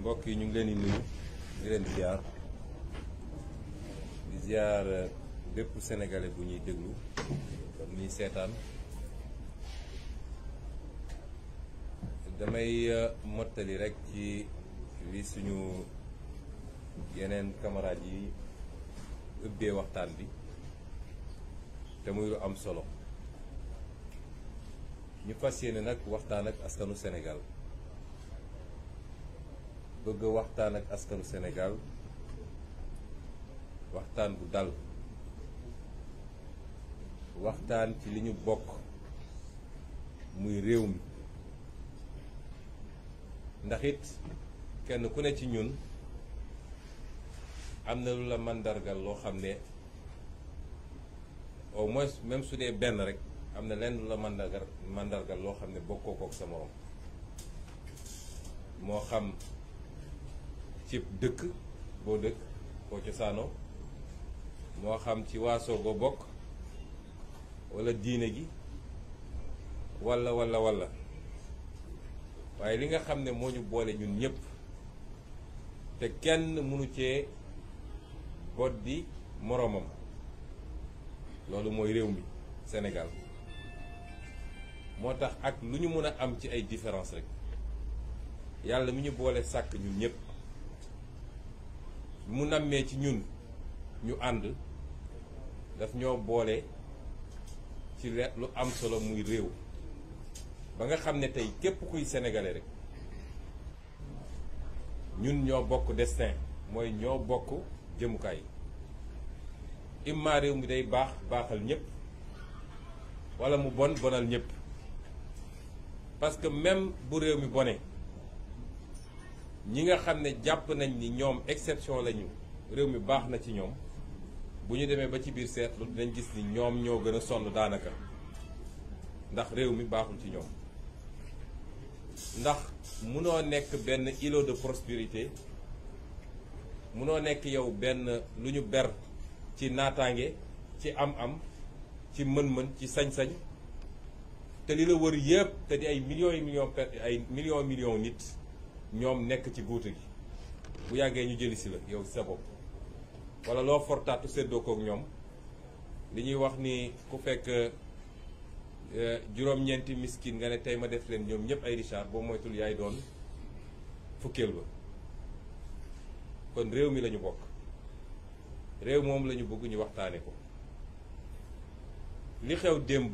mbokk yi ñu ngi leen di nuyu di leen ziar di ziar euh, bépp sénégalais bu ñuy déglu bu ñuy seetaan damay euh, mottali rekk ci li suñu yeneen camarades yi ubbee waxtaan bi te muy lu am solo ñu fas yéene nag waxtaan ak askanu senegal bëgg waxtaan ak askanu Sénégal waxtaan bu dal waxtaan ci li ñu bokk muy réew mi ndax it kenn ku ne ci ñun am na lu la màndargal loo xam ne au moins même su dee benn rek am na lenn lu la màndargal loo xam ne bokkoo kook sa morom moo xam cib dëkk boo dëkk boo cosaanoo moo xam ci waaso goo bokk walla diine gi wala walla wala waaye li nga xam ne moo ñu boole ñun ñëpp te kenn mënu cee bot di moroomam loolu mooy réew mi Sénégal moo tax ak lu ñu mën a am ci ay différence rek yàlla mi ñu boole sàkk ñun ñëpp mu nammee ci ñun ñu ànd daf ñoo boole ci lu am solo muy réew ba nga xam ne tey képp kuy sénégalais rek ñun ñoo bokk destin mooy ñoo bokk jëmukaay imma réew mi day baax baaxal ñëpp wala mu bon bonal ñëpp parce que même bu réew mi bone ñi nga xam ne jàpp nañ ni ñoom exception lañu réew mi baax na ci ñoom bu ñu demee ba ci biir seetlu dinañ gis ni ñoom ñoo gën a sonn daanaka ndax réew mi baaxul ci ñoom ndax munoo nekk benn ilo de prospérité munoo nekk yow benn lu ñu ber ci naataange ci am-am ci mën-mën ci sañ-sañ te li la wër yëpp te di ay millions yi millions ay millions millions nit ñoom nekk ci guuta gi bu yàggee ñu jëli si la yow si sa bopp wala loo fortaatu séddoo kook ñoom li ñuy wax ni ku fekk euh, juróom-ñeenti miskin nga ne tey ma def leen ñoom ñëpp ay richard boo moytul yaay doon fukkeel ba kon réew mi lañu bokk réew moom lañu bëgg ñu waxtaane ko li xew démb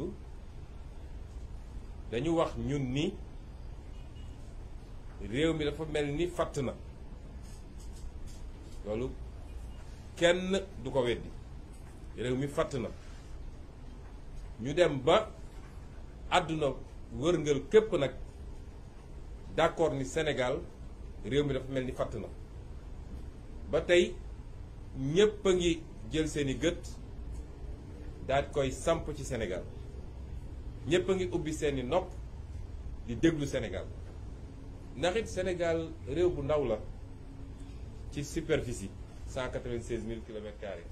dañu wax ñun ni réew mi dafa mel ni fatt na loolu kenn du ko weddi réew mi fatt na ñu dem ba àdduna wërngal képp nag d'accord ni senegal réew mi dafa mel ni fatt na ba tey ñépp a ngi jël seeni gët daal koy samp ci senegal ñépp a ngi ubbi seeni nopp di déglu senegal ndax it Sénégal réew bu ndaw la ci superficie cent quatre vingt mille kilomètres carrés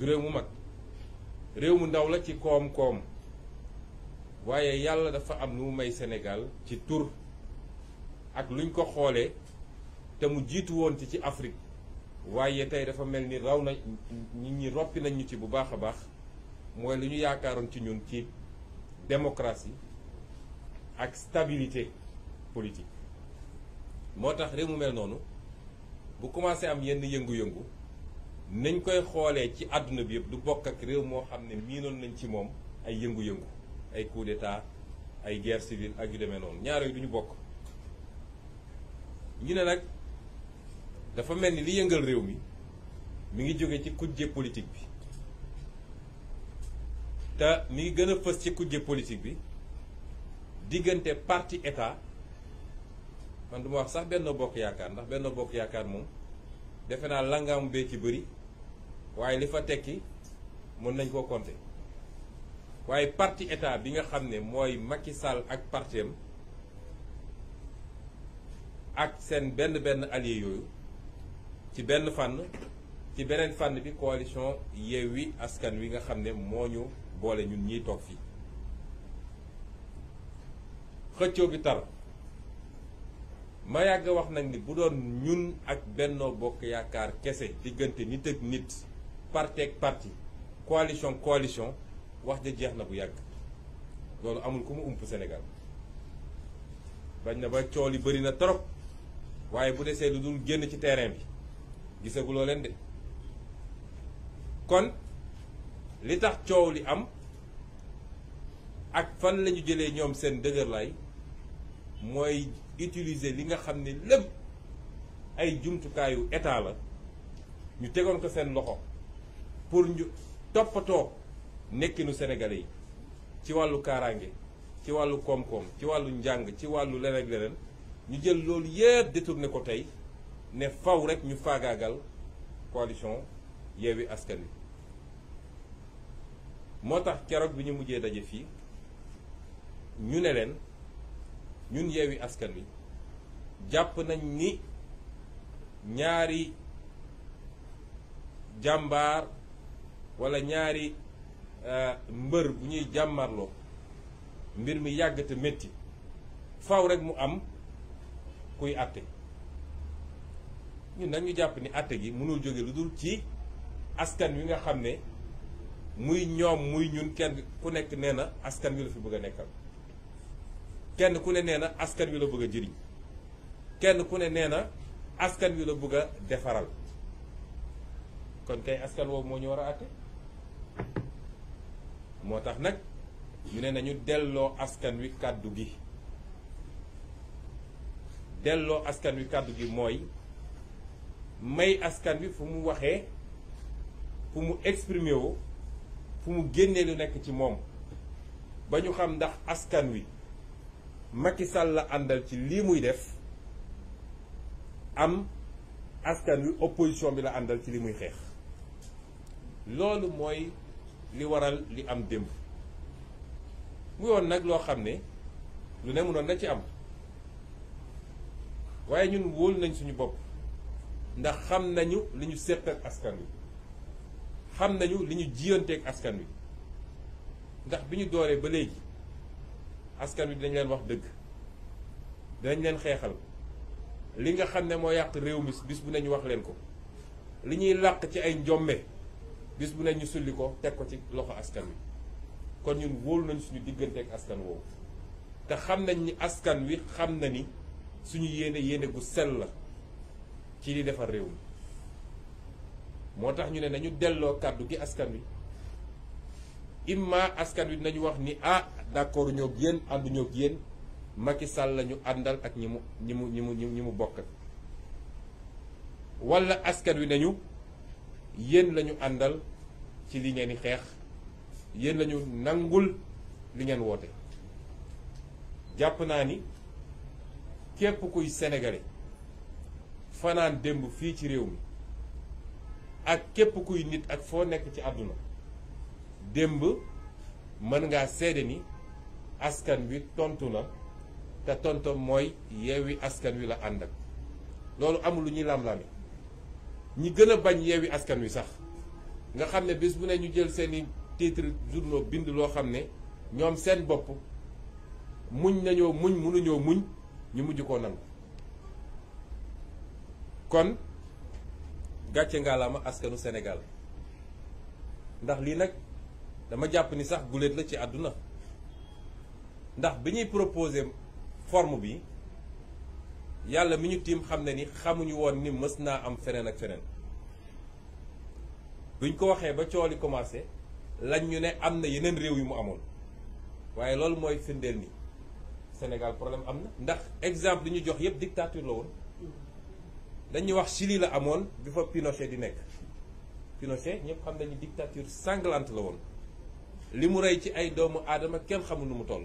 réew mu mag réew mu ndaw la ci koom-koom waaye yàlla dafa am lu mu may Sénégal ci tur ak luñ ko xoolee te mu jiitu woon ci ci Afrique waaye tey dafa mel ni raw na nit ñi roppi nañ ñu ci bu baax a baax mooy lu ñu yaakaaroon ci ñun ci démocratie ak stabilité politique moo tax réew mu mel noonu bu commencé am yenn yëngu-yëngu nañ koy xoolee ci àdduna bi yëpp du bokk ak réew moo xam ne miinoon nañ ci moom ay yëngu-yëngu ay coup d'état ay guerre civile ak yu demee noonu ñaar yooyu du ñu bokk ñu ne nag dafa mel ni li yëngal réew mi mi ngi jóge ci kujje politique bi te mi ngi gën a fës ci kujje politique bi diggante parti état man du ma wax sax benn bokk yaakaar ndax benn bokk yaakaar moom defe naa langaam bee ci bëri waaye li fa tekki mën nañ koo compter waaye parti état bi nga xam ne mooy Macky Sall ak partem ak seen benn benn allié yooyu ci benn fànn ci beneen fànn bi coalition Yewwi Askan Wi nga xam ne moo ñu boole ñun ñiy toog fii xëccoo bi tar ma yàgg wax nag ni bu doon ñun ak Benno Bokk Yaakaar kese diggante nit ak nit parti ak parti coalition coalition wax ja jeex na bu yàgg loolu amul ku mu ump senegal bañ na ba coow li bëri na trop waaye bu desee lu dul génn ci terrain bi loo leen de kon li tax coow li am ak fan lañu ñu jëlee ñoom seen dëgërlaay mooy utiliser li nga xam ne lépp ay jumtukaayu état la ñu tegoon ko seen loxo pour ñu toppatoo nekkinu sénégalais yi ci wàllu kaaraange ci wàllu koom-koom ci wàllu njàng ci wàllu leneen ak leneen ñu jël loolu yëpp détourné ko tey ne faw rek ñu faagaagal coalition Yewwi Askan Wi moo tax keroog bi ñu mujjee daje fii ñu ne leen ñun yeewi askan wi jàpp nañ ni ñaari jàmbaar wala ñaari euh, mbër bu ñuy jàmmarloo mbir mi yàgg te métti faw rekk mu am kuy àtte ñun nañu jàpp ni àtte gi mënul jóge lu dul ci askan wi nga xam ne muy ñoom muy ñun kenn ku nekk nee na askan wi la fi bëgg a nekkal kenn ku ne nee na askan wi la bëgg a jëriñ kenn ku ne nee na askan wi la bëgg a defaral kon kay askan woowu moo ñu war a àtte moo tax nag ñu ne nañu delloo askan wi kàddu gi delloo askan wi kàddu gi mooy may askan wi fu mu waxee fu mu exprimer woo fu mu génnee lu nekk ci moom ba ñu xam ndax askan wi Macky Sall la àndal ci lii muy def am askan wi opposition bi la àndal ci lii muy xeex loolu mooy li waral li am démb mu yoon nag loo xam ne lu ne mënoon na ci am waaye ñun wóolu nañ suñu bopp ndax xam nañu li ñu séq ak askan wi xam nañu li ñu jiyanteeg askan wi ndax bi ñu dooree ba léegi askan wi dinañ leen wax dëgg dinañ leen xeexal li nga xam ne moo yàq réew mi bis bu ne wax leen ko li ñuy làq ci ay njomme bis bu ne ñu sulli ko teg ko ci loxo askan wi kon ñun wóolu nañ suñu diggante ak askan woowu te xam nañ ni askan wi xam na ni suñu yéene yéene gu sell la ci li defar réew mi moo tax ñu ne nañu delloo kàddu gi askan wi imma askan wi nañu wax ni ah d'accord ñoo yéen ànduñoo yéen Macky Sall la ñu àndal ak ñi mu ñi mu ñi mu ñi mu bokk wala askan wi nañu yéen lañu àndal ci li ngeen xeex yéen la nangul li ngeen woote jàpp naa ni képp kuy sénégalais fanaan démb fii ci réew mi ak képp kuy nit ak foo nekk ci àdduna démb mën ngaa seede ni askan wi tontu na te tontom mooy yeewi askan wi la ànd ak loolu amul lu ñuy lam ñi gën a bañ yeewi askan wi sax nga xam ne bés bu ne ñu jël seeni titre journaux bind loo xam ne ñoom seen bopp muñ nañoo muñ mënuñoo ñu mujj koo nangu kon gàcce ngaalaama askanu senegal ndax lii nag dama jàpp ni sax guléet la ci àdduna ndax bi ñuy proposé forme bi yàlla mi ñu tiim xam ne ni xamuñu woon ni mës naa am feneen ak feneen buñ ko waxee ba coow li commencé lañ ñu ne am na yeneen réew yi mu amoon waaye loolu mooy firndeel ni Sénégal problème am na ndax exemple li ñu jox yépp dictature la woon dañuy wax Chili la amoon bi fa Pinochet di nekk Pinochet ñëpp xam nañu dictature sanglante la woon li mu rey ci ay doomu aadama kenn xamul nu mu toll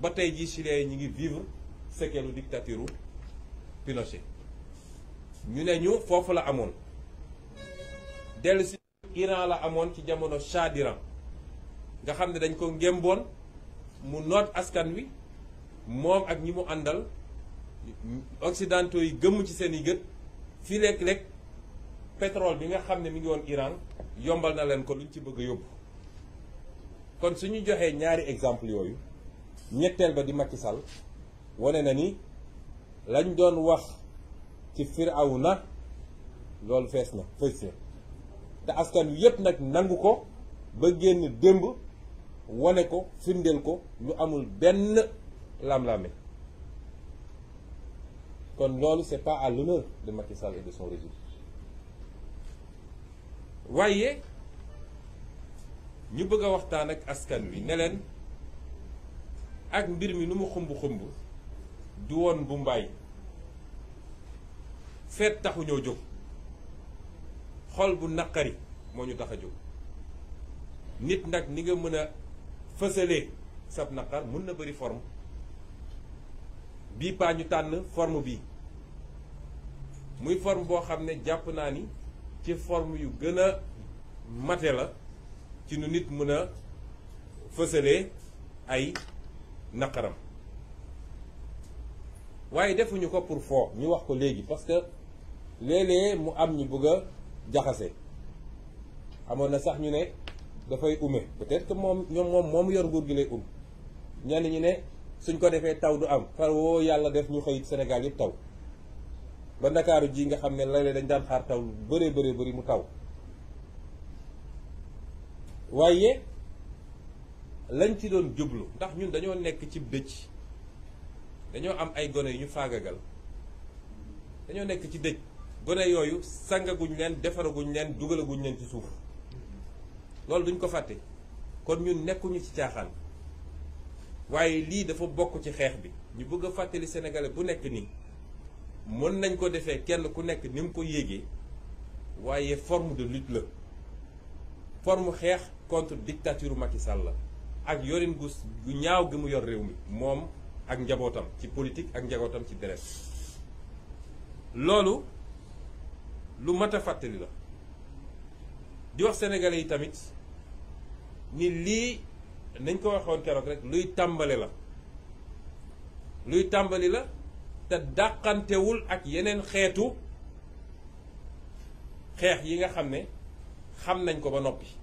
ba tey jii chilien yi ñu ngi vivre séquelles dictature Pinochet ñu ne ñu foofu la amoon dellu si Iran la amoon ci jamono Shah d'Iran nga xam ne dañ ko ngémboon mu noot askan wi moom ak ñi mu àndal occidentaux yi gëmm ci seen i gët fii léeg-léeg bi nga xam ne mu ngi woon Iran yombal na leen ko luñ ci bëgg a yóbbu kon suñu joxee ñaari exemple yooyu ñetteel ba di Macky Sall wane na ni lañ doon wax ci Firawna loolu fees na fees na te askan wi yépp nag nangu ko ba génn démb wane ko firndeel ko lu amul benn lam-lame kon loolu c'est pas à l'honneur de Macky Sall et de son régime waaye ñu bëgg a waxtaan ak askan wi ne ak mbir mi nu mu xumb-xumb du woon bu mbaay feet taxu ñoo jóg xol bu naqari moo ñu tax a jóg nit nag ni nga mën a fësalee sab naqar mun na bëri forme bii paa ñu tànn form bi muy forme boo xam ne jàpp naa ni ci forme yu gën a mate la ci nu nit mën a fësalee ay naqaram waaye defuñu ko pour foo ñu wax ko léegi parce que léeg-léeg mu am ñu bëgg a jaxase amoon na sax ñu ne dafay ume peut-être que moom ñoom moom moom yor nguur gi lay um ñenn ñu ne suñ ko defee taw du am par yàlla def ñu xëy Sénégal yëpp taw ba Ndakaaru jii nga xam ne la léeg dañ daan xaar taw lu bëree bëri mu taw waaye lañ ci doon jublu ndax ñun dañoo nekk ci dëj dañoo am ay gone yu ñu faagagal dañoo nekk ci dëj gone yooyu sangaguñ leen defaraguñ leen dugalaguñ leen ci suuf loolu duñ ko fàtte kon ñun nekkuñu ci caaxaan waaye lii dafa bokk ci xeex bi ñu bëgg a fàttali sénégalais bu nekk ni mën nañ ko defee kenn ku nekk ni mu ko yéegee waaye forme de lutte la forme xeex contre dictature Macky Sall la ak yorin gu gu ñaaw gi mu yor réew mi moom ak njabootam ci politique ak njabootam ci deret loolu lu mat a fàttali la di wax sénégalais yi tamit ni lii nañ ko waxoon keroog rek luy tàmbali la luy tàmbali la te dàqantewul ak yeneen xeetu xeex yi nga xam ne xam nañ ko ba noppi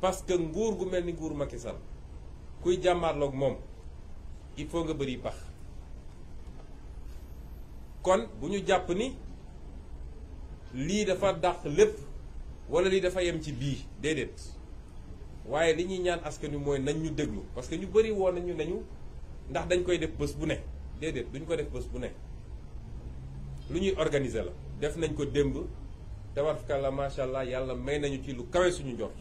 parce que nguur gu mel ni nguur Macky sal kuy jàmmaarloog moom il faut nga bëri pax kon bu ñu jàpp ni lii dafa dàq lépp wala lii dafa yem ci bii déedéet waaye li ñuy ñaan askan wi mooy nañ ñu déglu parce que ñu bëri woon nañu nañu ndax dañ koy def bés bu ne déedéet duñ ko def bés bu ne lu ñuy organiser la def nañ ko démb tabarkalla macha allah yàlla may nañu ci lu kawe suñu njort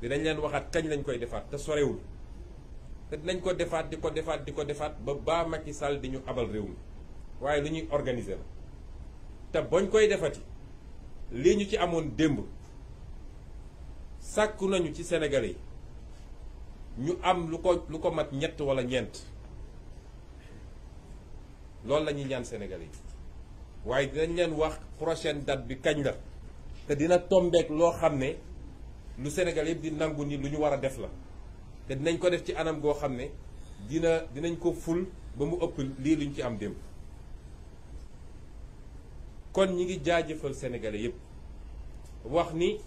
dinañ leen waxaat kañ lañ koy defaat te sorewul te dinañ ko defaat di ko defaat di ko defaat ba baa Macky Sall di ñu abal réew mi waaye lu ñuy organiser la te bañ koy defati lii ñu ci amoon démb sàkku nañu ci Sénégalais yi ñu am lu ko lu ko mat ñett wala ñeent loolu lañuy ñuy ñaan Sénégalais yi waaye dinañ leen wax prochaine date bi kañ la te dina tombeek loo xam ne lu Sénégal yëpp di nangu ni lu ñu war a def la te dinañ ko def ci anam goo xam ne dina dinañ ko ful ba mu ëpp lii luñ ci am démb kon ñi ngi jaajëfal sénégalais yëpp wax ni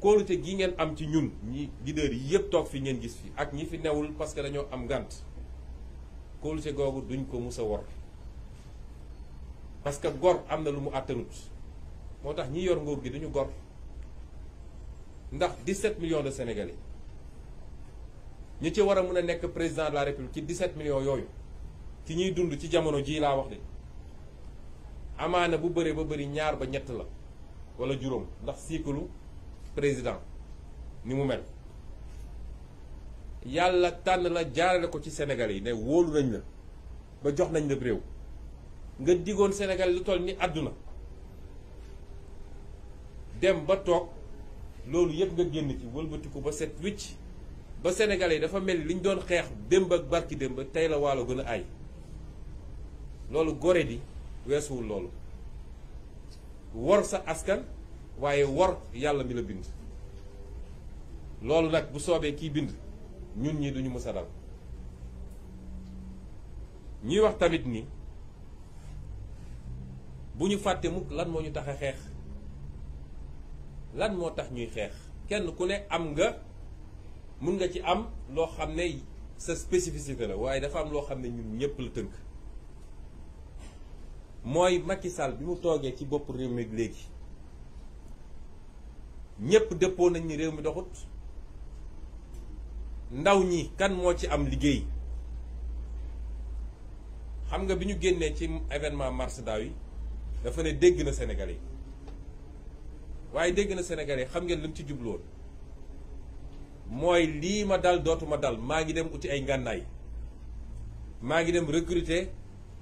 kóolute gi ngeen am ci ñun ñi leader yi yëpp toog fi ngeen gis fi ak ñi fi newul parce que dañoo am ngànt kóolute googu duñ ko mus a wor parce que gor am na lu mu àttanut moo tax ñi yor nguur gi duñu gor ndax 17 millions de sénégalais ñi ci war a mën a nekk président la république ci 17 millions yooyu ci ñuy dund ci jamono jii laa wax de amaana bu bëree ba bëri ñaar ba ñett la wala juróom ndax siikalu président ni mu mel yàlla tànn la jaarale ko ci Sénégal yi ne wóolu nañ la ba jox nañ la réew nga digoon Sénégal lu toll ni àdduna dem ba toog loolu yëpp nga génn ci wëlbatiku ba set wicc ba sénégalais yi dafa mel ni li ñu doon xeex démb ak barki démb tey la waalo gën a ay loolu gore di weesuwul loolu wor sa askan waaye wor yàlla mi la bind loolu nag bu soobee kiy bind ñun ñi duñu mës a dal ñuy wax tamit ni bu ñu fàtte mukk lan moo ñu tax xeex lan moo tax ñuy xeex kenn ku ne am nga mun nga ci am loo xam ne sa spécificité la waaye dafa am loo xam ne ñun ñëpp la tënk mooy Macky Sall bi mu toogee ci bopp réew mi léegi ñëpp dëppoo nañ ni réew mi doxut ndaw ñi kan moo ci am liggéey xam nga bi ñu génnee ci événement mars daaw dafa ne dégg na Sénégalais yi waaye dégg na yi xam ngeen li mu ci jubloon mooy lii ma dal dootuma dal maa ngi dem uti ay ngànnaay maa ngi dem recruter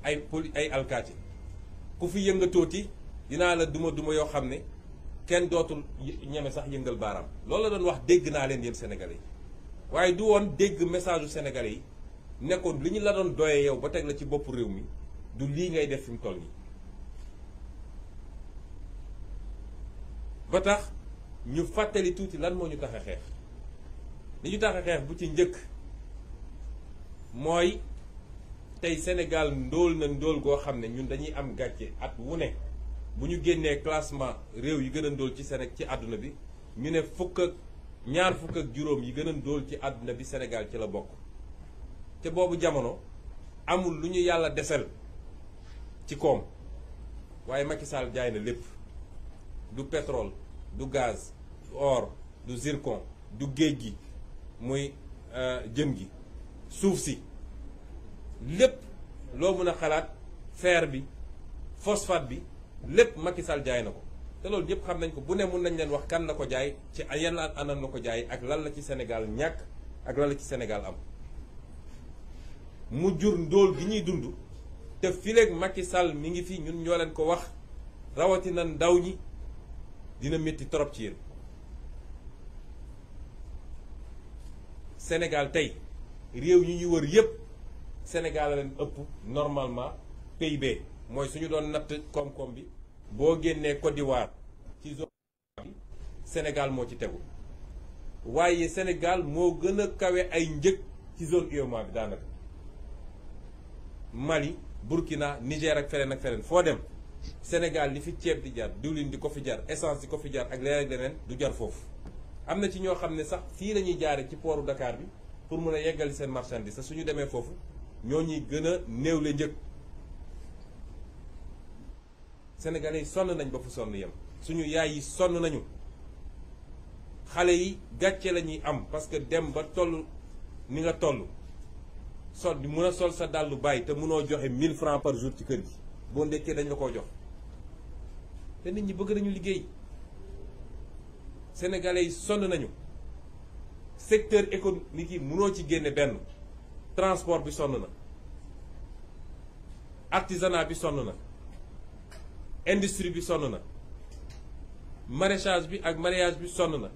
ay poli ay alkaati ku fi yëngatooti dinaa la duma duma yoo xam ne kenn dootul ñeme sax yëngal baaraam loolu la doon wax dégg naa leen yéen sénégalais yi waaye du woon dégg message u yi nekkoon li ñu la doon doye yow ba teg la ci boppu réew mi du lii ngay def fi mu toll yi ba tax ñu fàttali tuuti lan moo ñu tax a xeex li ñu tax xeex bu ci njëkk mooy tey senegal ndóol na ndóol goo xam ne ñun dañuy am gàcce at wu ne bu ñu génnee classement réew yi gën a ndóol ci Sénégal ci àdduna bi ñu ne fukk ak gën a ndóol ci àdduna bi Sénégal ci la bokk te boobu jamono amul lu ñu yàlla desel ci koom waaye Macky Sall jaay na lépp du pétrole du gaas du or du zircon du géej gi muy euh, jën gi suuf si lépp loo mën a xalaat fer bi phosphate bi lépp Macky Sall jaay na ko te loolu ñëpp xam nañ ko bu ne mun nañ leen wax kan la ko jaay ci yan anam la ko jaay ak lan la ci Sénégal ñàkk ak lan la ci Sénégal am mu jur ndóol gi ñuy dund te fileeg makki Sall mi ngi fi ñun ñoo leen ko wax rawatina ndaw ñi dina metti trop ci yéen Sénégal tey réew yi ñuy wër yépp Sénégal ëpp normalement PIB mooy suñu doon natt koom-koom bi boo génnee Côte d'Ivoire ci zone moo ci tegu waaye senegal moo gën a kawe ay njëg ci son UEMOA bi daanaka Mali Burkina Niger ak feneen ak feneen foo dem. Sénégal li fi ceeb di jar diwlin di ko fi jar essence di ko fi jar ak leneen ak leneen du jar foofu am na ci ñoo xam ne sax fii lañuy ñuy ci pooru Dakar bi pour mun a yeggali seen marchandise sa suñu demee foofu ñoo ñuy gën a néewle njëg Sénégalais yi sonn nañ ba fu sonn yem suñu yaay yi sonn nañu xale yi gàcce la ñuy am parce que dem ba toll ni nga toll sol di mun a sol sa dàllu bàyyi te munoo joxe mille francs par jour ci kër yi boo ndekkee dañ la koo jox te nit ñi bëgg nañu liggéey sénégalais yi sonn nañu secteur économique yi mënoo ci génne benn transport bi sonn na artisanat bi sonn na industrie bi sonn na maraîchage bi ak maraîchage bi sonn na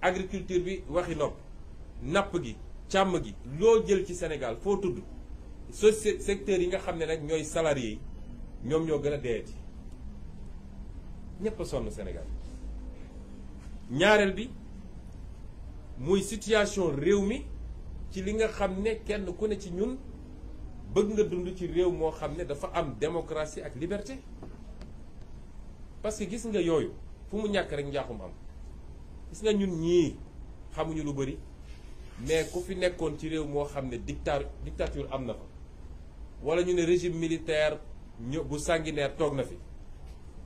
agriculture bi waxi nopp napp gi càmm gi loo jël ci Sénégal foo tudd so secteur yi nga xam ne rek ñooy salarié yi ñoom ñoo gën a deeti ñépp a sonn Sénégal ñaareel bi muy situation réew mi ci li nga xam ne kenn ku ne ci ñun bëgg nga dund ci réew moo xam ne dafa am démocratie ak liberté parce que gis nga yooyu fu mu ñàkk rek njaaxum am gis nga ñun ñii xamuñu lu bari mais ku fi nekkoon ci réew moo xam ne dictature am na fa walla ñu ne régime militaire ñëw bu sanguinaire toog na fi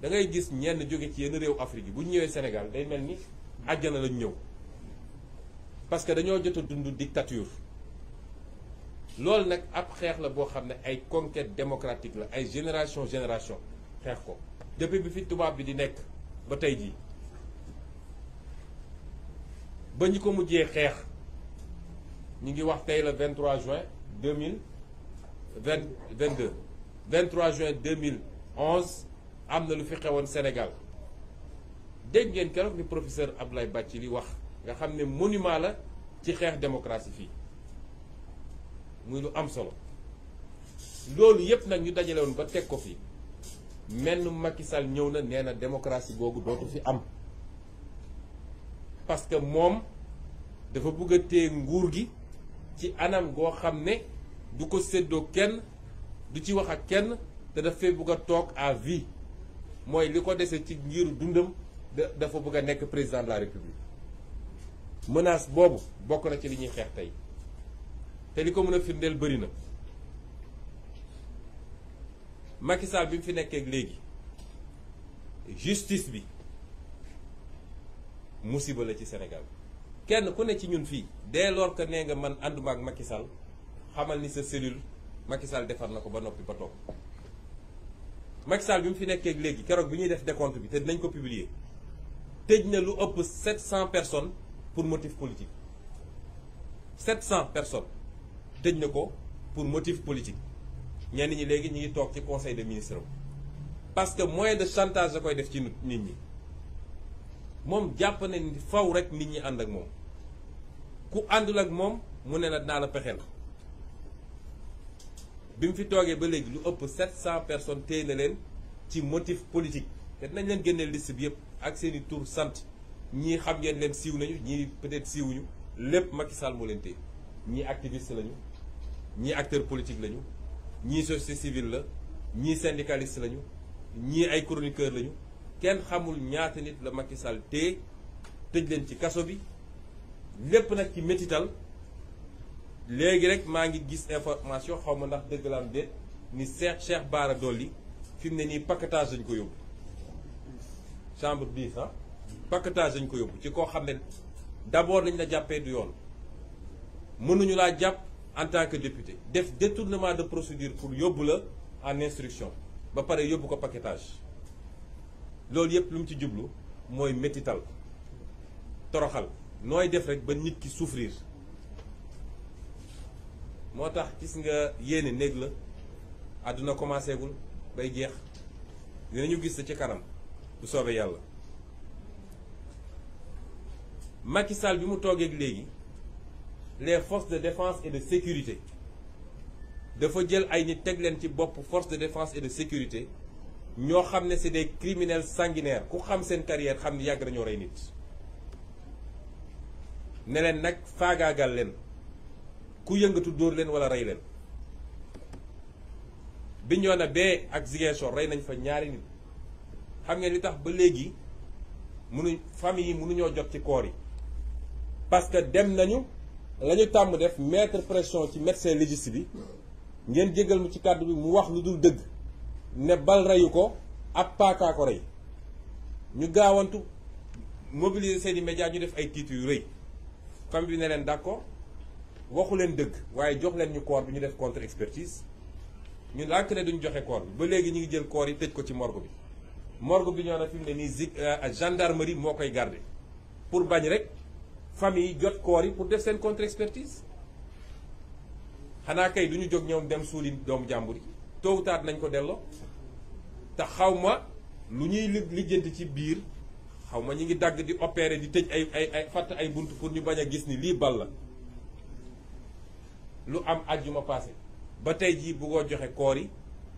da ngay gis ñenn jóge ci yenn réew Afrique yi bu ñu ñëwee Sénégal day mel ni àjjana lañ ñëw parce que dañoo jot a dund dictature loolu nag ab xeex la boo xam ne ay conquête démocratique la ay génération génération xeex ko depuis bi fi tubaab bi di nekk ba tey jii ba ñu ko mujjee xeex ñu ngi wax tey le 23 juin 2022 23 juin 2011 am na lu fi xewoon Sénégal dégg ngeen keroog ni professeur bàcci Bathily wax nga xam ne monument la ci xeex démocratie fii muy lu am solo loolu yëpp nag ñu dajale woon ba teg ko fi menn Macky Sall ñëw na nee na démocratie googu dootu fi am parce que moom dafa bëgg a téye nguur gi ci anam goo xam ne du ko séddoo kenn du ci wax ak kenn te daf fee bëgg a toog à vie mooy li ko desee ci ngiru dundam dafa bëgg a nekk président la république mënaas boobu bokk na ci li ñuy xeex tey te li ko mën a firndeel bëri na Macky bi mu fi nekkee léegi justice bi musiba la ci senegal kenn ku ne ci ñun fii dès lors nee nga man ànduma ak Macky xamal ni sa cellule Macky Sall defar na ko ba noppi ba toog Macky Sall bi mu fi nekkee léegi keroog bi ñuy def décompte bi te dinañ ko publier tëj na lu ëpp 700 personnes pour motif politique 700 personnes tëj na ko pour motif politique ñenn ñi léegi ñu ngi toog ci conseil des ministres parce que moyen de chantage da koy def ci nit ñi moom jàpp na ni faw rek nit ñi ànd ak moom ku àndul ak moom mu ne la dinaa la pexeel bi mu fi toogee ba léegi lu ëpp 700 personnes téye na leen ci motif politique te dinañ leen génnee liste bi yëpp ak seeni i tur sant ñii xam ngeen leen siiw nañu ñii peut-être siiwuñu lépp Macky Sall leen téye ñii activiste lañu ñii acteur politique lañu ñii société civile la ñii syndicaliste lañu ñii ay chroniqueur lañu kenn xamul ñaata nit la Macky Sall tëj leen ci kaso bi lépp nag ci métital léegi rek maa ngi gis information xaw ma ndax dëgg la am ni Cheikh Cheikh Bara Dolly fi mu ne nii paquetage dañ ko yóbbu chambre bi sax ah. paquetage dañ ko yóbbu ci koo xam ne d'abord lañ la jàppee du yoon mënuñu laa jàpp en tant que député def détournement de procédure pour yóbbu la en instruction ba pare yóbbu ko paquetage loolu yëpp lu mu ci jublu mooy métital toroxal nooy def rek ba nit ki souffrir moo tax gis nga yéene néeg la àdduna commencé gul bay jeex ñu gis sa ci kanam bu soobee yàlla Macky Sall bi mu toogeeg léegi les forces de défense et de sécurité dafa jël ay nit teg leen ci bopp force de défense et de sécurité ñoo xam ne c'est des criminels sanguinaires ku xam seen carrière xam ni yàgg nañoo rey nit ne nag faagaagal leen ku yëngatu dóor leen wala rey leen bi ñoo na bee ak Ziguinchor rey nañ fa ñaari nit xam ngeen li tax ba léegi mënuñ famille yi mënuñoo jot ci koor yi parce que dem nañu la ñu tàmm def mettre pression ci médecin légiste bi ngeen jégal mu ci kàddu bi mu wax lu dul dëgg ne bal reyu ko ab paakaa ko rey ñu gaawantu mobiliser seeni médias ñu def ay titres yu rëy famille bi ne leen d'accord waxu leen dëgg waaye jox leen ñu corps bi ñu def contre expertise ñu lànk ne duñ joxe corps bi ba léegi ñu ngi jël corps yi tëj ko ci morgue bi morgue bi ñoo na fi mu ne nii zig euh, gendarmerie moo koy garder pour bañ rek famille yi jot corps yi pour def seen contre expertise xanaa kay du ñu jóg ñoom dem suuli doomu jàmbur yi toowutaat nañ ko delloo te xaw ma lu ñuy lijjanti ci biir xaw ma ñu ngi dagg di opérer di tëj ay ay ay fatt ay bunt pour ñu bañ a gis ni lii bal la lu am àjjuma passé ba tey jii buggoo joxe koor yi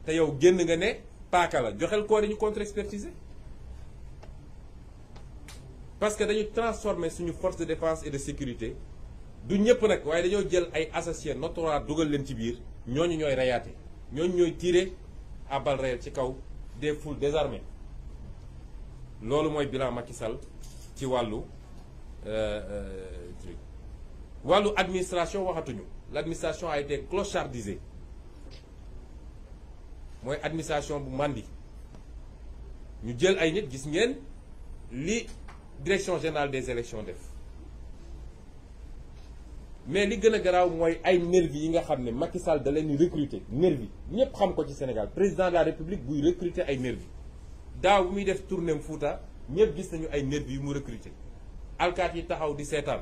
te yow génn nga ne paaka la joxel koor yi ñu contre expertiser parce que dañu transformer suñu force de défense et de sécurité du ñëpp nag waaye dañoo jël ay associés notoires dugal leen ci biir ñooñu ñooy reyaate ñooñu ñooy tiire à balles ci kaw des foules désarmées loolu mooy bilan Macky Sall ci wàllu euh, euh, wàllu administration waxatuñu l'administration a été clochardisée mooy administration bu màndi ñu jël ay nit gis ngeen li direction générale des élections def mais li gën a garaaw mooy ay nervi yi nga xam ne Macky Sall da leen di recruter nervi ñëpp xam ko ci Sénégal président de la République buy recruter ay nervi daaw bu muy def tournéem Fouta ñëpp gis nañu ay nervi yu mu recruter alkaat yi taxaw di seetaan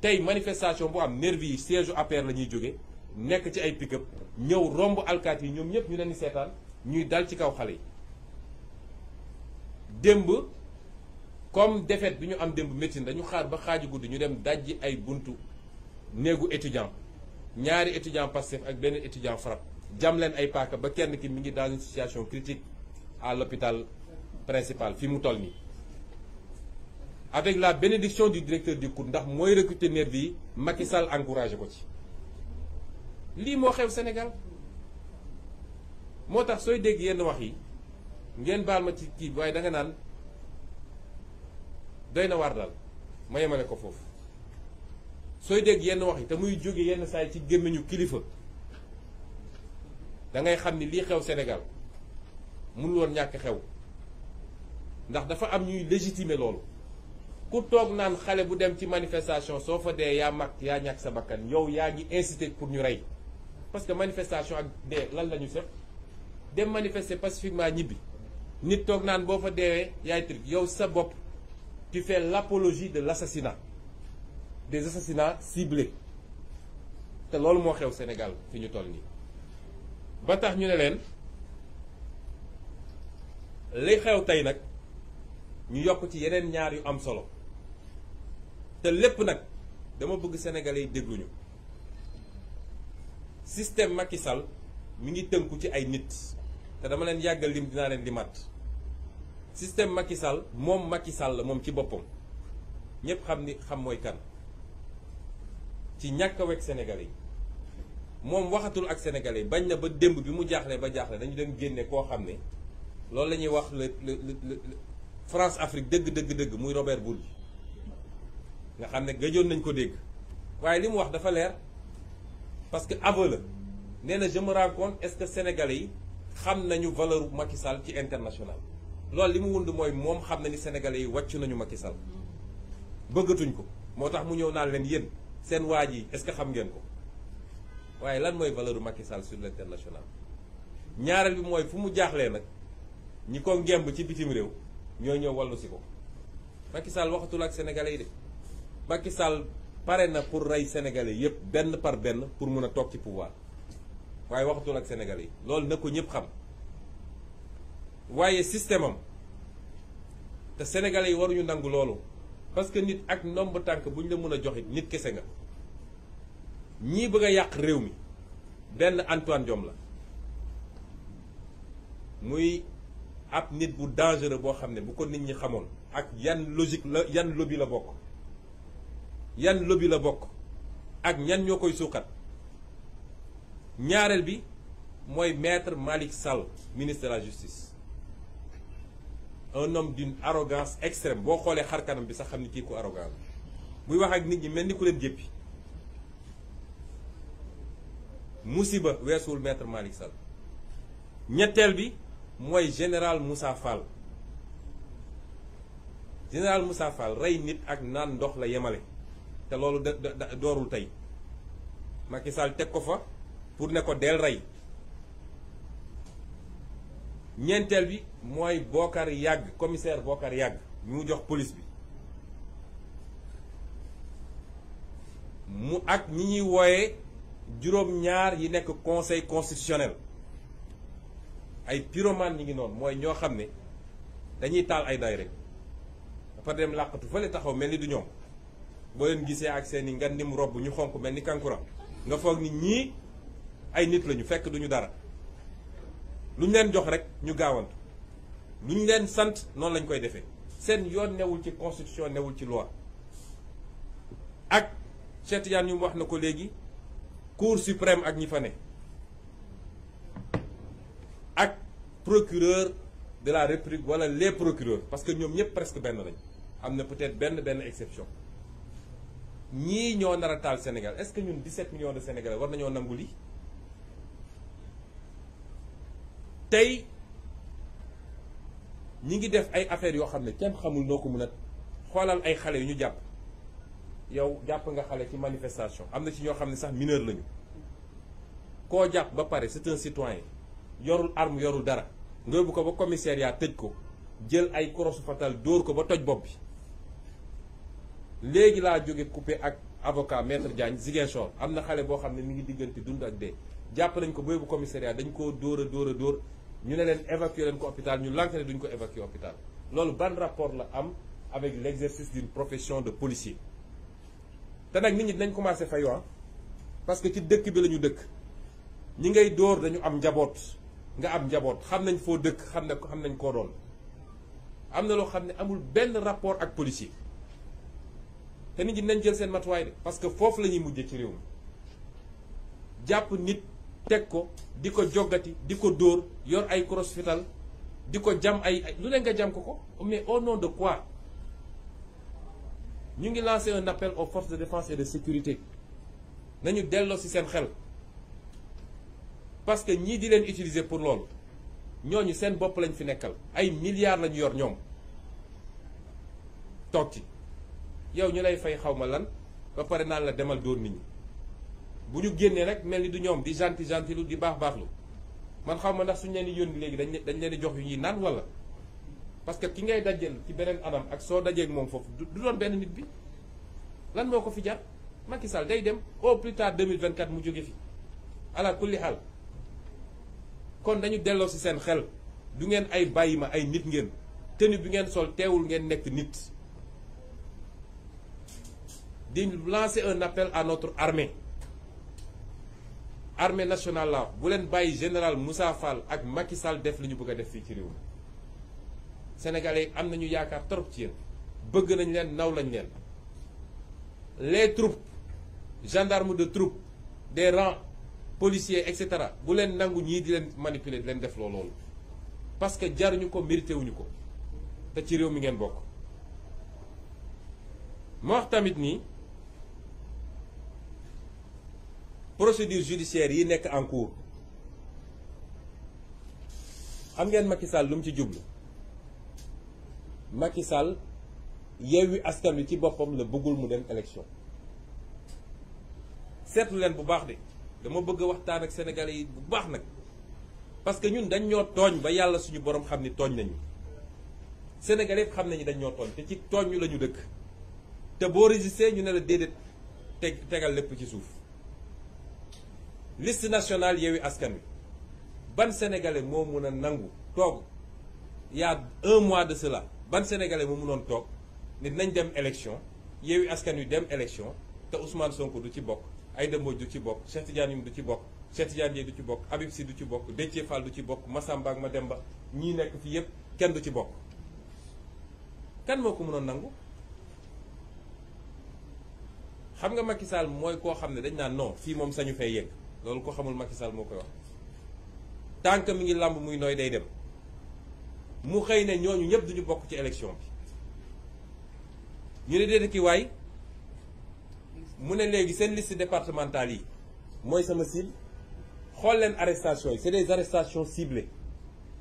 tey manifestation bu am nervi yi siège APR la ñuy jóge nekk ci ay pick ñëw romb alkaat yi ñoom ñëpp ñu leen di seetaan ñuy dal ci kaw xale yi démb comme defet bi ñu am démb métti dañu xaar ba xaaju guddi ñu dem dajj ay buntu néegu étudiant ñaari étudiant Pastef ak benn étudiant FRAPP jam leen ay paaka ba kenn ki mi ngi dans une situation critique à l'hôpital principal fi mu toll nii avec la bénédiction du directeur du COUD ndax mooy recruter nervi yi Macky Sall encouragé ko ci lii moo xew senegal moo tax sooy dégg yenn wax yi ngeen baal ma ci kii waaye da naan doy na waar daal ma yemale ko foofu sooy dégg yenn wax yi te muy jóge yenn saa ci gémmiñu kilifa dangay xam ni lii xew senegal mënul woon ñàkk xew ndax dafa am ñuy légitimer loolu ku toog naan xale bu dem ci manifestation soo fa dee yaa mag yaa ñàkk sa bakkan yow yaa ngi incité pour ñu rey parce que manifestation ak dee lan la ñu sëf dem manifester pacifiquement ñibbi nit toog naan boo fa deewee yaay trik yow sa bopp tu fais l'apologie de l'assassinat des assassinats ciblés te loolu moo xew Sénégal fi ñu toll nii ba tax ñu ne leen li xew tey nag ñu yokk ci yeneen ñaar yu am solo te lépp nag dama bëgg sénégalais yi dégluñu système Macky Sall ngi tënku ci ay nit te dama leen yàggal lim dinaa leen di mat système Macky moom Macky Sall la moom ci boppam ñëpp xam ni xam mooy kan ci ñàkk a wekk sénégalais yi moom waxatul ak sénégalais yi bañ na ba démb bi mu jaaxle ba jaaxle dañu leen génne koo xam ne loolu la ñuy wax le le France Afrique dëgg dëgg dëgg muy Robert Bourgi nga xam ne gëjoon nañ ko dégg waaye li mu wax dafa leer parce que aveu la nee na je me rends yi xam nañu valeur Macky Sall ci international loolu li mu wund mooy moom xam nañu ni sénégalais yi wàcc nañu Macky Sall bëggatuñ ko moo tax mu ñëw naa leen yéen seen waaj yi est-ce que xam ngeen ko waaye lan mooy valeur Macky Sall sur l'international ñaareel bi mooy fu mu jaaxlee nag ñi ko ngemb ci bitim réew ñoo ñëw wallu ko Macky Sall waxatul ak sénégalais yi de. Macky Sall pare na pour rey sénégalais yépp benn par benn pour mun a toog ci pouvoir waaye waxatul ak sénégalais yi loolu na ko ñëpp xam waaye système am te sénégalais yi waruñu nangu loolu parce que nit ak ndomb tànk bu ñu la mën a joxit nit kese nga ñii bëgg a yàq réew mi benn Antoine Diome la muy ab nit bu dangereux boo xam ne bu ko nit ñi xamoon ak yan logique la yan lobi la bokk yan lobby la bokk ak ñan ñoo koy suukat ñaareel bi mooy maître Malick Sall ministre de la justice un homme d'une arrogance boo xoolee xar kanam bi sax xam ni kii ku arrogant buy wax ak nit ñi mel ni ku leen jéppi musiba weesuwul maître Malick Sall ñetteel bi mooy général Moussa Fall général Moussa Fall rey nit ak naan ndox la yemale te loolu da doorul tey Macky Sall teg ko fa pour ne ko del rey ñeenteel bi mooy Bokar Yàgg commissaire Bokar Yàgg ñu mu jox police bi mu ak ñi ñuy wooye juróom-ñaar yi nekk conseil constitutionnel ay pyromane ñi ngi noonu mooy ñoo xam ne dañuy taal ay day rek dafa dem làqatu fële taxaw mel ni du ñoom boo leen gisee ak seen i ngandim robb ñu xonk mel ni kankura nga foog ni ñii ay nit lañu fekk duñu dara lu ñu leen jox rek ñu gaawantu lu ñu leen sant noonu lañu koy defee seen yoon newul ci constitution newul ci loi ak Cheikh Tidiane ñu wax na ko léegi cour suprême ak ñi fa ne ak procureur de la république wala les procureurs parce que ñoom ñëpp presque benn lañ am na peut-être benn benn exception ñii ñoo nar a taal Sénégal est-ce que ñun 17 millions de Sénégalais war nañoo nangu lii tey ñi ngi def ay affaires yoo xam ne kenn xamul noo ko mën a xoolal ay xale yu ñu jàpp yow jàpp nga xale ci manifestation am na ci ñoo xam ne sax mineur lañu koo jàpp ba pare c'est un citoyen yorul arme yorul dara nga yóbbu ko ba yaa tëj ko jël ay crosse fatal dóor ko ba toj bopp bi léegi laa jóge coupé ak avocat maître Diagne Ziguinchor am na xale boo xam ne mi ngi diggante dund ak dee jàpp nañ ko boobu commissariat dañ koo dóor a dóor ñu ne leen évacuer leen ko hôpital ñu lànk ne duñ ko évacuer hôpital loolu ban rapport la am avec l' exercice profession de policier te nag nit ñi dinañ commencé fayu ah, parce que ci dëkk bi la ñu dëkk ñi ngay dóor dañu am njaboot nga am njaboot xam nañ foo dëkk xam ko xam nañ koo doon am na loo xam ne amul benn rapport ak policier te nit ñi nañ jël seen matuwaay de parce que foofu la ñuy mujjee ci réew mi jàpp nit teg ko di ko joggati di ko dóor yor ay crosse fital di ko jam ay lu ne nga jam ko ko mais au nom de quoi ñu ngi lancé un appel au forces de défense et de sécurité nañu delloo ci seen xel parce que ñii di leen utiliser pour loolu ñooñu seen bopp lañ fi nekkal ay milliards lañu yor ñoom toog ci yow ñu lay fay xaw ma lan ba pare naan la demal dóor nit ñi bu ñu génnee rek mel ni du ñoom di gentil gentilu di baax baaxlu man xaw ma ndax suñ leen di yónni léegi dañ dañ leen di jox yu ñuy naan wala parce que ki ngay dajeel ci beneen anam ak soo dajeek moom foofu du doon benn nit bi lan moo ko fi jar Macky Sall day dem au plus tard 2024 mu jóge fi ala kulli xaal kon dañu delloo si seen xel du ngeen ay bàyyi ma ay nit ngeen tenue bi ngeen sol teewul ngeen nekk nit di lancer un appel en notre armée armée nationale la bu leen bàyyi général Moussa Fall ak Macky Sall def li ñu bëgg a def fii ci réew mi sénégalais am nañu yaakaar trop ci yéen bëgg nañ leen naw lañ leen les troupes gendarmes de troupes des rangs policiers et cetera bu leen nangu ñii di leen manipuler di leen def loo loolu parce que jaruñu ko mérité wuñu ko te ci réew mi ngeen bokk moo wax tamit nii procédure judiciaire yi nekk en cours xam ngeen Macky Sall lu mu ci jublu Macky Sall Yewwi Askan Wi ci boppam la bëggul mu dem élection seetlu leen bu baax de dama bëgg waxtaan ak sénégalais yi bu baax nag parce que ñun dañ ñoo tooñ ba yàlla suñu borom xam ni tooñ nañu sénégalais xam nañu dañ ñoo tooñ te ci tooñ ñu la dëkk te boo résister ñu ne la déedéet tegal lépp ci suuf. liste nationale Yewwi Askan Wi ban sénégalais moo mun a nangu toog y un mois de cela ban sénégalais moo munoon toog ne nañ dem élection Yewwi Askan Wi dem élection te Ousmane Sonko du ci bokk Aïda Mbodj du ci bokk Cheikh Tidiane du ci bokk Cheikh Tidiane du ci bokk Habib Sy du ci bokk Déthié Fall du ci bokk ma dem ba ñii nekk fii yépp kenn du ci bokk kenn moo ko munoon nangu xam nga Macky Sall mooy koo xam ne dañ naan non fii moom sañu fee yegg loolu ko xamul Macky Sall moo koy wax tànk mi ngi làmb muy nooy day dem mu xëy ne ñooñu ñëpp duñu bokk ci élection bi ñu ne déedéet ki waay mu ne léegi seen liste départementale yi mooy sama cible xool leen arrestation yi c'est des arrestations ciblées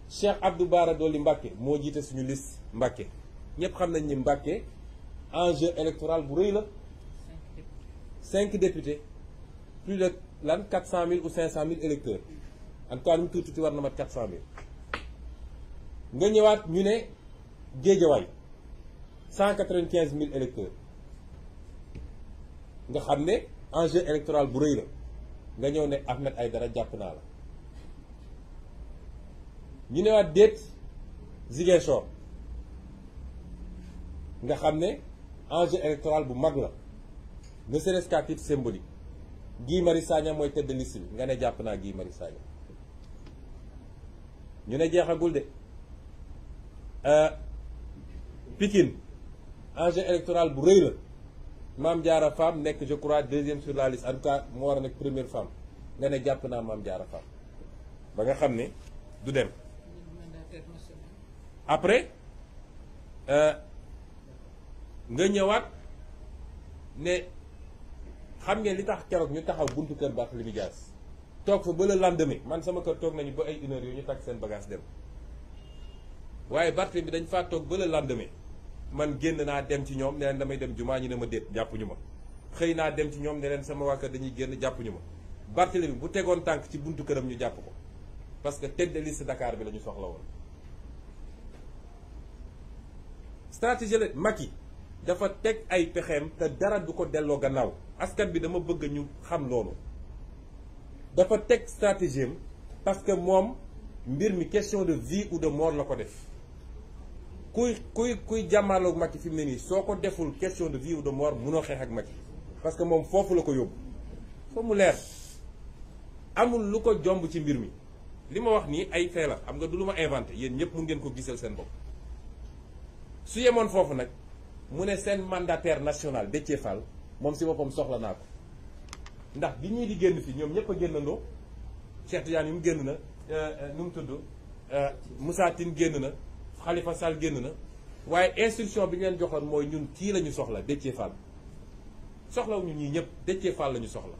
Cheikh Abdou Bara Dolly Mbacké moo jiite suñu liste Mbacké ñëpp xam nañ ni Mbacké enjeu électoral bu rëy la cinq députés lan 400000 ou 500000 électeurs en tout cas ñu tuuti ci war na mat 400000 nga ñëwaat ñu ne Géejawaay 195000 électeurs nga xam ne enjeu électoral bu rëy la nga ñëw ne Ahmed Aïdara jàpp naa la ñu newaat déet Ziguinchor nga xam ne enjeu électoral bu mag la ne serait-ce qu'à titre symbolique Guy Marius Sagna mooy tëdd liste bi nga ne jàpp naa Guy Marius ñu ne jeexagul de euh, Pikine enjeu électoral bu rëy la Mame Diarra Fam nekk je crois deuxième sur la liste en tout cas moo war a nekk première femme nga ne jàpp naa Mame Diarra Fam ba nga xam ne du dem après euh, nga ñëwaat ne xam ngeen li tax keroog ñu taxaw buntu kër Barthélémy Dias toog fa ba le lendemain man sama kër toog nañu ba ay une heure yooyu ñu takk seen bagage dem waaye Barthélémy bi dañ faa toog ba le man génn naa dem ci ñoom ne leen damay dem jumaa ñi ne ma déet jàppuñu ma xëy naa dem ci ñoom ne leen sama waa kër dañuy génn jàppuñu ma Barthélémy bi bu tegoon tànk ci buntu këram ñu jàpp ko parce que tête de liste Dakar bi la ñu soxla woon stratégie la dafa teg ay pexeem te dara du ko delloo gannaaw askan bi dama bëgg ñu xam loolu dafa teg stratégie parce que moom mbir mi question de vie ou de mort la ko def kuy kuy kuy jàmmaarloog Macky fi mu ne nii soo ko deful question de vie ou de mort munoo xeex ak Macky parce que moom foofu la ko yóbbu fa mu leer amul lu ko jomb ci mbir mi li ma wax nii ay fee la xam nga du lu ma inventé yéen ñëpp mu ngeen ko gisal seen bopp su yemoon foofu nag mu ne seen mandataire national Déthié Fall moom si boppam soxla naa ko ndax bi ñuy di génn fi ñoom ñëpp a génnandoo Cheikh Tidiane yu mu génn na euh, nu mu tudd euh, Moussa Tine génn na Khalifa Sall génn na waaye instruction bi ñu leen joxoon mooy ñun kii la ñu soxla Déthié Fall soxlawuñu ñii ñëpp Déthié Fall la ñu soxla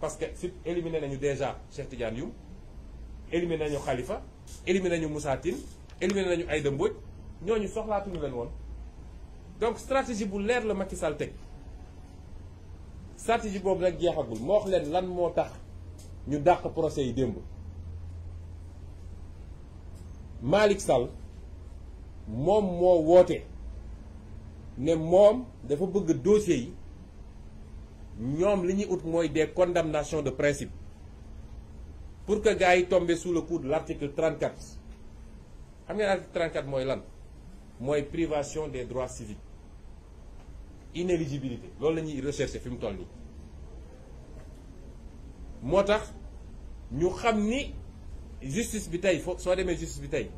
parce que si éliminé nañu déjà Cheikh Tidiane Youm éliminé nañu xalifa éliminé nañu Moussa Tine éliminé nañu Aïda Mbodj ñooñu soxlaatuñu leen woon donc stratégie bu leer la Macky Sall teg stratégie boobu nag jeexagul moo wax leen lan moo tax ñu dàq procès yi démb Malick Sall moom moo woote ne moom dafa bëgg dossier yi ñoom li ñuy ut mooy des condamnations de principe pour que gars yi tombé sous le coup de l' article 34 xam ngeen article 34 mooy lan mooy privation des droits civiques inéligibilité loolu la ñuy recherché fi mu toll nii moo tax ñu xam ni justice bi tey fo soo demee justice bi tey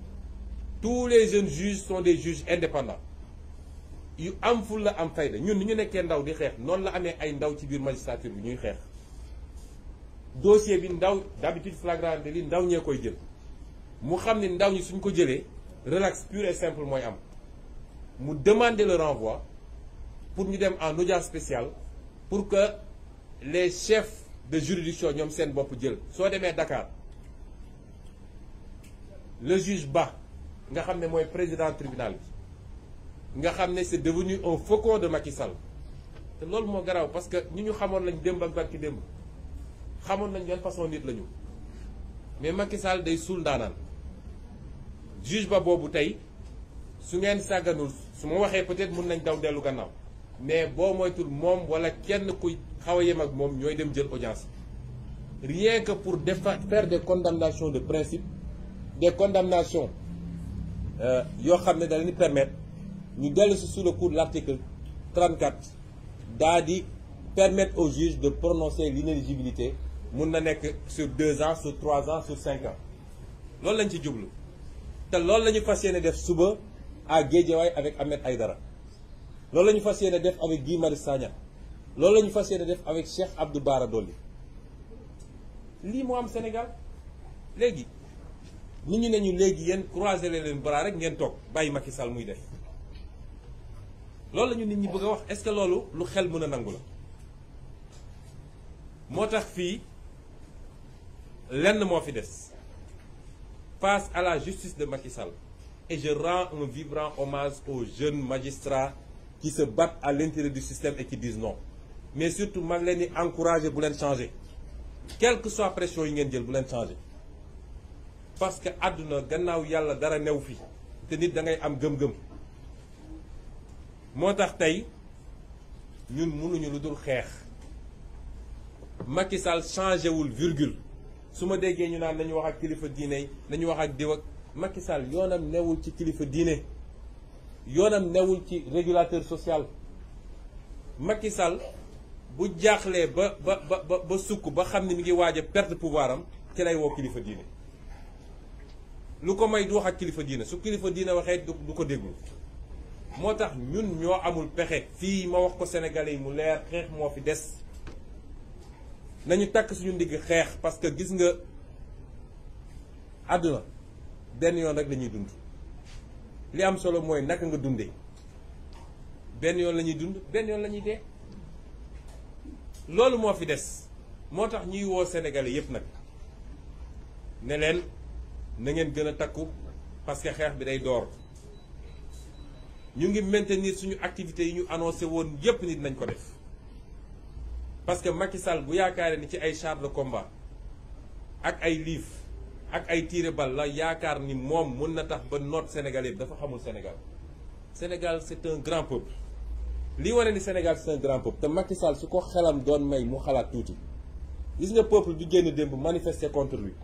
tous les jeunes juges sont des juges indépendants yu am ful la am fayda ñun ni ñu nekkee ndaw di xeex noonu la amee ay ndaw ci biir magistrature bi ñuy xeex dossier bi ndaw d'habitude flagrant li ndaw ñee koy jël mu xam ni ndaw ñi suñ ko jëlee relax pur et mooy am mu demander le renvoi pour ñu dem en audience spéciale pour que les chefs de juridiction ñoom seen bopp jël soo demee Dakar le juge Ba nga xam ne mooy président tribunal bi nga xam ne c'est devenu un faucon de Macky Sall te loolu moo garaaw parce que ñu ñu xamoon lañ démb ak barki démb xamoon nañ yan façon nit lañu mais makisal Sall day suul ndaanaan juge Ba boobu tey su ngeen sàgganul su ma waxee peut-être mun nañ daw dellu gannaaw mais boo moytul moom wala kenn kuy xaw a yem ak moom ñooy dem jël audience rien que pour defa faire des condamnations de principe des condamnations euh, yoo xam ne da leen permettre ñu dellu si sous le coup de l'article 34 daa di permettre au juge de prononcer l'inéligibilité mun na nekk sur deux ans sur trois ans sur cinq ans loolu lañ ci jublu te loolu la ñu fas yéene def suba à Guédiawaye avec Ahmed dara loolu la ñu fas yéene def avec Guy Marius Sagna loolu lañu ñu fas yéene def avec Cheikh Abdou Bara Dolly lii moo am Sénégal léegi nit ñi nañu léegi yéen croiser leen bras rek ngeen toog bàyyi Macky muy def loolu nit ñi bëgg a wax est lu xel mën a nangu la moo tax fii lenn moo fi des face à la justice de Macky Sall et je rends un vibrant hommage aux jeunes magistrats qui se battent à l'intérieur du système et mais surtout maa leen di encourager bu leen changer quelque que soit pression yi ngeen jël bu leen changer parce que àdduna gannaaw yàlla dara new fii te nit da ngay am gëm-gëm moo tax tey ñun mënuñu lu dul xeex Macky Sall changé wul virgule su ma déggee ñu naan nañu wax ak kilifa diine nañu wax ak diw ak Macky Sall yoonam newul ci kilifa diine. yoonam newul ci régulateur social Macky Sall bu jaaxlee ba ba ba ba sukk ba xam ne mi ngi waaja perte pouvoir am ci lay woo kilifa diine lu ko may du wax ak kilifa diine su kilifa diine waxee du ko déglu moo tax ñun ñoo amul pexe fii ma wax ko sénégalais yi mu leer xeex moo fi des nañu takk suñu ndigg xeex parce que gis nga àdduna benn yoon rek lañuy dund li am solo mooy naka nga dunde benn yoon la ñuy dund benn yoon la dee loolu moo fi des moo tax ñuy woo sénégalais yépp nag ne leen na ngeen gën a takku parce que xeex bi day door ñu ngi maintenir suñu activités yi ñu annoncé woon yépp nit nañ ko def parce que Macky Sall bu yaakaaree ni ci ay chars de combat ak ay livres ak ay tiire bal la yaakaar ni moom mën na tax ba noot sénégalais bi dafa xamul Sénégal Sénégal c'est un grand peuple li wane ni Sénégal c'est un grand peuple te Macky Sall su ko xelam doon may mu xalaat tuuti gis nga peuple bi génn démb manifester contre lui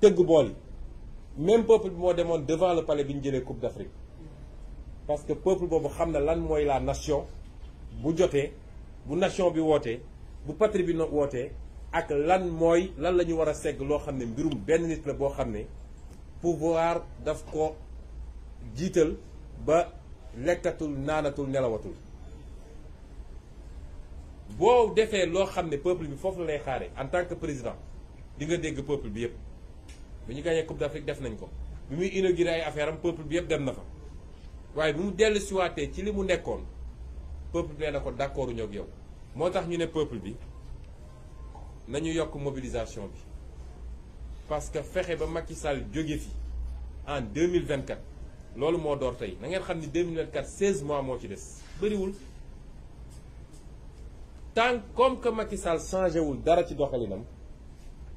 tëgg bool yi même peuple bi moo demoon devant le palais bi ñu jëlee coupe d'Afrique parce que peuple boobu xam na lan mooy la nation bu jotee bu nation bi wootee bu patrie bi no wootee ak lan mooy lan la ñu war a segg loo xam ne mbirum benn nit la boo xam ne pouvoir daf ko jiital ba lekkatul naanatul nelawatul boo defee loo xam ne peuple bi foofu la lay xaare en tant que président di dégg peuple bi yëpp bu ñu gagné coupe d'Afrique def nañ ko bi muy inauguré ay affaire am peuple bi yëpp dem na fa waaye bu mu dellu siwaatee ci li mu nekkoon peuple bi na ko d'accorduñu ak yow moo tax ñu ne peuple bi nañu yokk mobilisation bi parce que fexe ba Macky Sall jóge fi en 2024 loolu moo door tey na ngeen xam ni 2024 16 mois moo ci des bëriwul tant comme que Macky Sall changé wul dara ci doxalinam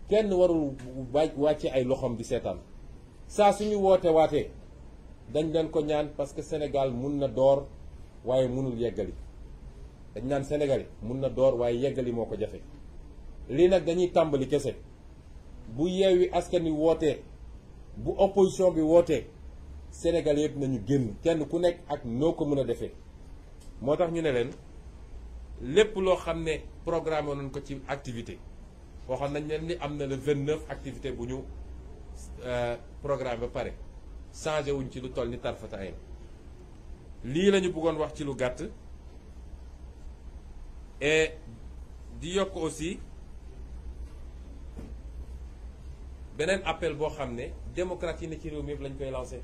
kenn warul wàcce ay loxoom di seetaan saa suñu woote waatee dañ leen ko ñaan parce que Sénégal mun na door waaye munul yeggali dañ naan Sénégal mun na door waaye yeggali moo ko jafe lii nag dañuy tàmbali kese bu yeewi askan wi wootee bu opposition bi wootee Sénégal yëpp nañu génn kenn ku nekk ak noo ko mën a defee moo tax ñu ne leen lépp loo xam ne programme nañ ko ci activité waxoon nañ leen ni am na le 29 activité bu ñu euh, programme ba pare changé wuñ ci lu toll ni tarfataayam lii lañu buggoon wax ci lu gàtt di yokk aussi beneen appel boo xam ne démocrate yi ne ci réew mi yëpp lañ koy lancé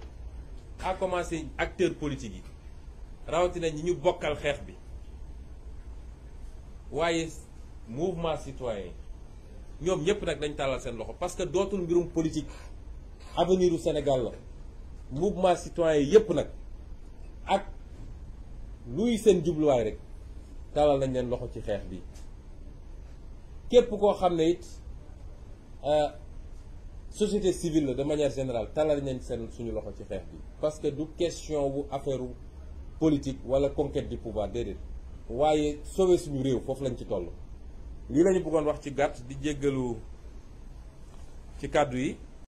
à commencer acteurs politiques yi rawatina ñi ñu bokkal xeex bi waaye mouvement citoyen ñoom ñëpp nag dañ tàllal seen loxo parce que dootul mbirum politique avenir u Sénégal la mouvement citoyen yëpp nag ak luy seen jubluwaay rek tàllal nañ leen loxo ci xeex bi képp koo xam ne it euh, société civile la de manière générale talal nañ seen suñu loxo ci xeex bi parce que du question wu affaire politique wala conquête du pouvoir déedéet waaye sauver suñu réew foofu lañ ci toll lii la ñu wax ci gàtt di jéggalu ci kàddu yi